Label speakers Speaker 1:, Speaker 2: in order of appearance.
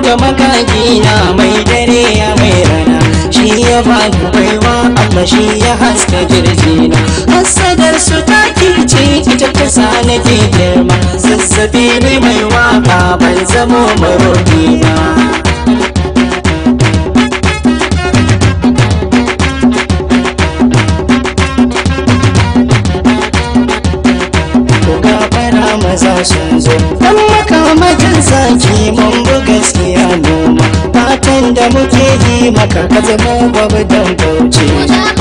Speaker 1: da makaki na mai
Speaker 2: dare ya mai rana shi ya bani baiwa amma shi ya haska jirji na hasadar su ta kirce ita ta sa nake girma zazzabi ne mai waka ban zamo maroki ba
Speaker 3: maza sun zo
Speaker 4: maka makamajin zaki mun buga da
Speaker 5: muke yi maka ka zama gwamnan bauchi